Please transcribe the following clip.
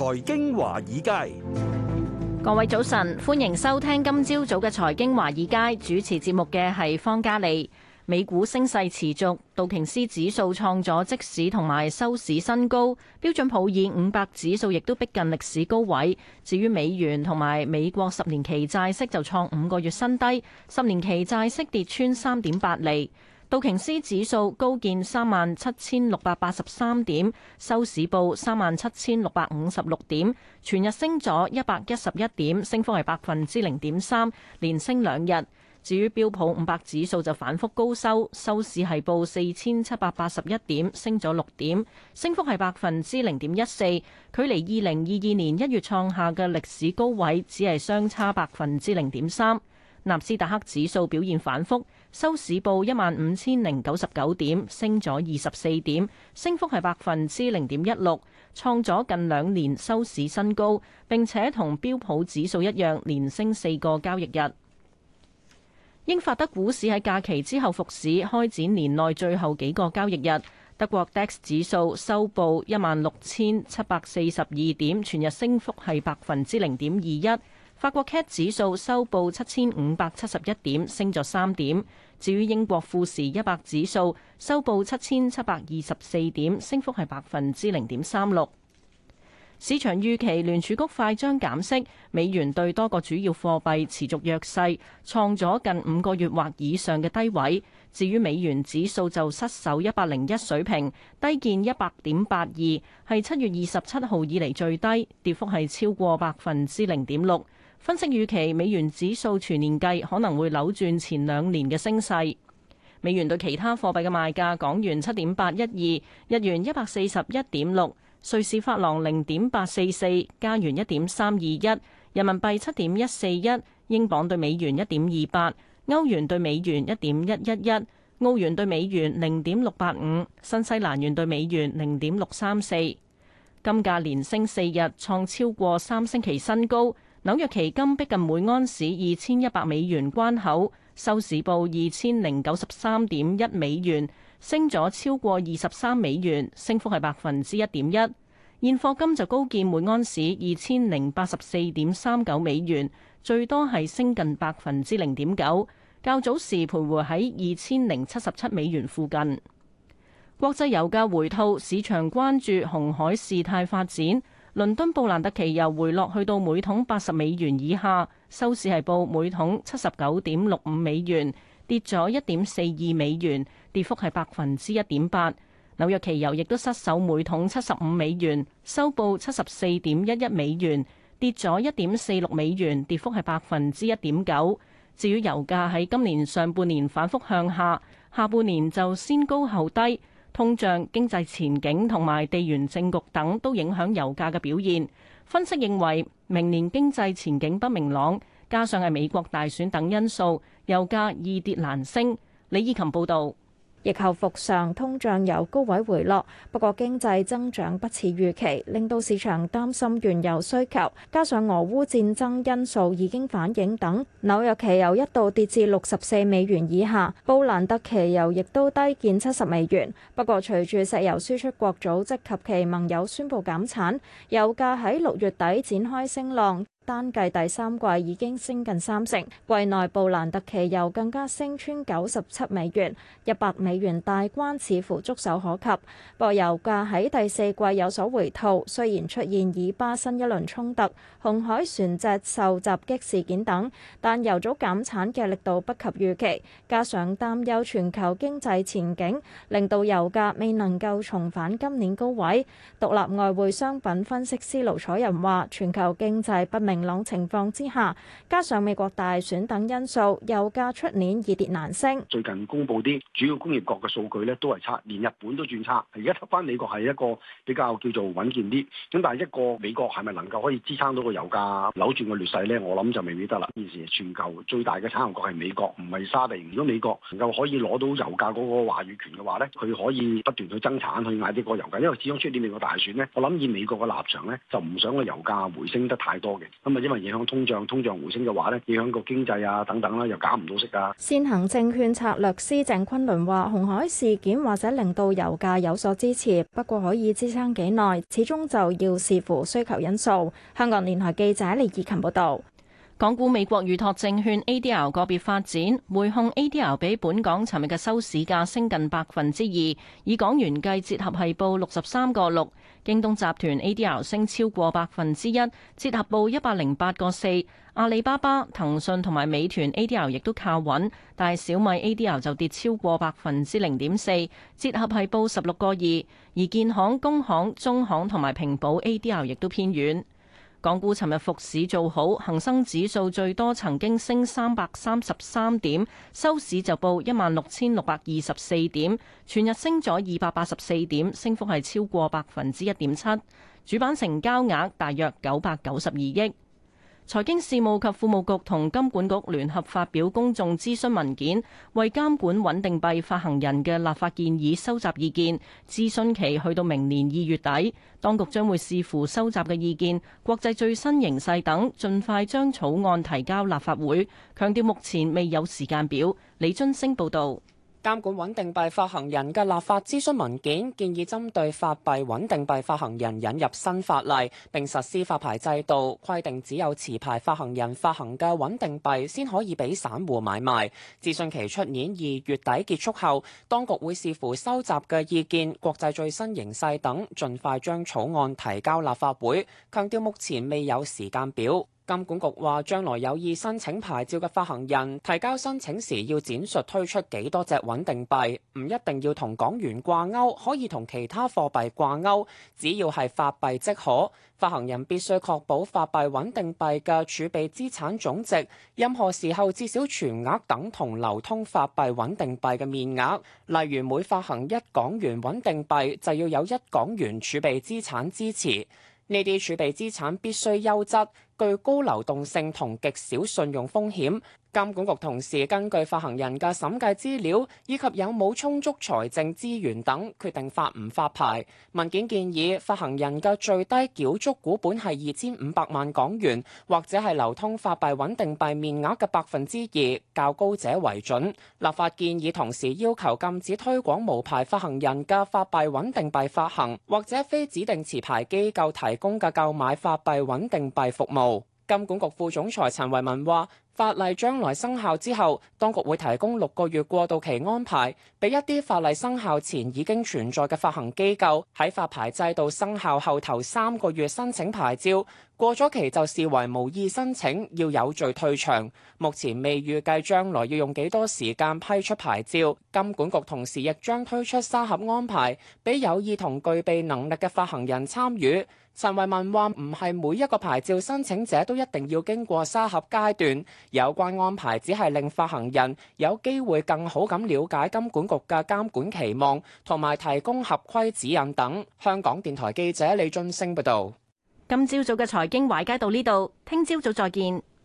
財經華爾街，各位早晨，歡迎收聽今朝早嘅財經華爾街主持節目嘅係方嘉利，美股升勢持續，道瓊斯指數創咗即市同埋收市新高，標準普爾五百指數亦都逼近歷史高位。至於美元同埋美國十年期債息就創五個月新低，十年期債息跌穿三點八厘。道瓊斯指數高見三萬七千六百八十三點，收市報三萬七千六百五十六點，全日升咗一百一十一點，升幅係百分之零點三，連升兩日。至於標普五百指數就反覆高收，收市係報四千七百八十一點，升咗六點，升幅係百分之零點一四，距離二零二二年一月創下嘅歷史高位只係相差百分之零點三。納斯達克指數表現反覆。收市報一萬五千零九十九點，升咗二十四點，升幅係百分之零點一六，創咗近兩年收市新高，並且同標普指數一樣連升四個交易日。英法德股市喺假期之後復市，開展年內最後幾個交易日。德國 DAX 指數收報一萬六千七百四十二點，全日升幅係百分之零點二一。法國 CAC 指數收報七千五百七十一點，升咗三點。至於英國富時一百指數收報七千七百二十四點，升幅係百分之零點三六。市場預期聯儲局快將減息，美元對多個主要貨幣持續弱勢，創咗近五個月或以上嘅低位。至於美元指數就失守一百零一水平，低見一百點八二，係七月二十七號以嚟最低，跌幅係超過百分之零點六。分析預期美元指數全年計可能會扭轉前兩年嘅升勢。美元對其他貨幣嘅賣價：港元七點八一二，日元一百四十一點六，瑞士法郎零點八四四，加元一點三二一，人民幣七點一四一，英鎊對美元一點二八，歐元對美元一點一一一，澳元對美元零點六八五，新西蘭元對美元零點六三四。金價連升四日，創超過三星期新高。紐約期金逼近每盎司二千一百美元關口，收市報二千零九十三點一美元，升咗超過二十三美元，升幅係百分之一點一。現貨金就高見每盎司二千零八十四點三九美元，最多係升近百分之零點九，較早時徘徊喺二千零七十七美元附近。國際油價回吐，市場關注紅海事態發展。倫敦布蘭特期油回落去到每桶八十美元以下，收市係報每桶七十九點六五美元，跌咗一點四二美元，跌幅係百分之一點八。紐約期油亦都失守每桶七十五美元，收報七十四點一一美元，跌咗一點四六美元，跌幅係百分之一點九。至於油價喺今年上半年反覆向下，下半年就先高後低。通脹、經濟前景同埋地緣政局等都影響油價嘅表現。分析認為，明年經濟前景不明朗，加上係美國大選等因素，油價易跌難升。李依琴報導。疫後復常，通脹由高位回落，不過經濟增長不似預期，令到市場擔心原油需求，加上俄烏戰爭因素已經反映等，紐約期油一度跌至六十四美元以下，布蘭特期油亦都低見七十美元。不過隨住石油輸出國組織及其盟友宣布減產，油價喺六月底展開升浪。單計第三季已經升近三成，季內布蘭特期油更加升穿九十七美元，一百美元大關似乎觸手可及。但油價喺第四季有所回吐，雖然出現以巴新一輪衝突、紅海船隻受襲擊事件等，但油組減產嘅力度不及預期，加上擔憂全球經濟前景，令到油價未能夠重返今年高位。獨立外匯商品分析師盧楚仁話：全球經濟不明冷情況之下，加上美國大選等因素，油價出年易跌難升。最近公布啲主要工業國嘅數據咧，都係差，連日本都轉差。而家睇翻美國係一個比較叫做穩健啲。咁但係一個美國係咪能夠可以支撐到個油價扭轉個劣勢咧？我諗就未必得啦。現時全球最大嘅產油國係美國，唔係沙地。如果美國能夠可以攞到油價嗰個話語權嘅話咧，佢可以不斷去增產，去壓啲個油價。因為始終出年美國大選咧，我諗以美國嘅立場咧，就唔想個油價回升得太多嘅。咁啊，因為影響通脹，通脹回升嘅話咧，影響個經濟啊等等啦，又搞唔到息噶。先行證券策略師鄭昆倫話，紅海事件或者令到油價有所支持，不過可以支撐幾耐，始終就要視乎需求因素。香港電台記者李以琴報道。港股、美國預託證券 ADR 個別發展，匯控 ADR 比本港尋日嘅收市價升近百分之二，以港元計，折合係報六十三個六。京東集團 ADR 升超過百分之一，折合報一百零八個四。阿里巴巴、騰訊同埋美團 ADR 亦都靠穩，但係小米 ADR 就跌超過百分之零點四，折合係報十六個二。而建行、工行、中行同埋平保 ADR 亦都偏遠。港股尋日復市做好，恒生指數最多曾經升三百三十三點，收市就報一萬六千六百二十四點，全日升咗二百八十四點，升幅係超過百分之一點七，主板成交額大約九百九十二億。財經事務及庫務局同金管局聯合發表公眾諮詢文件，為監管穩定幣發行人嘅立法建議收集意見。諮詢期去到明年二月底，當局將會視乎收集嘅意見、國際最新形勢等，盡快將草案提交立法會。強調目前未有時間表。李津升報道。監管穩定幣發行人嘅立法諮詢文件建議，針對法幣穩定幣發行人引入新法例，並實施發牌制度，規定只有持牌發行人發行嘅穩定幣先可以俾散戶買賣。諮詢期出年二月底結束後，當局會視乎收集嘅意見、國際最新形勢等，盡快將草案提交立法會，強調目前未有時間表。金管局話將來有意申請牌照嘅發行人提交申請時，要展述推出幾多隻穩定幣，唔一定要同港元掛鈎，可以同其他貨幣掛鈎，只要係法幣即可。發行人必須確保法幣穩定幣嘅儲備資產總值，任何時候至少全額等同流通法幣穩定幣嘅面額，例如，每發行一港元穩定幣就要有一港元儲備資產支持。呢啲儲備資產必須優質。具高流動性同極少信用風險，監管局同時根據發行人嘅審計資料以及有冇充足財政資源等，決定發唔發牌。文件建議發行人嘅最低繳足股本係二千五百萬港元，或者係流通法幣穩定幣面額嘅百分之二，較高者為準。立法建議同時要求禁止推廣無牌發行人嘅法幣穩定幣發行，或者非指定持牌機構提供嘅購買法幣穩定幣服務。金管局副總裁陳維文話，法例將來生效之後，當局會提供六個月過渡期安排，俾一啲法例生效前已經存在嘅發行機構喺發牌制度生效後頭三個月申請牌照，過咗期就視為無意申請，要有序退場。目前未預計將來要用幾多時間批出牌照。金管局同時亦將推出沙盒安排，俾有意同具備能力嘅發行人參與。陳維民話：唔係每一個牌照申請者都一定要經過沙盒階段，有關安排只係令發行人有機會更好咁了解金管局嘅監管期望，同埋提供合規指引等。香港電台記者李俊升報道。今朝早嘅財經華爾街到呢度，聽朝早,早再見。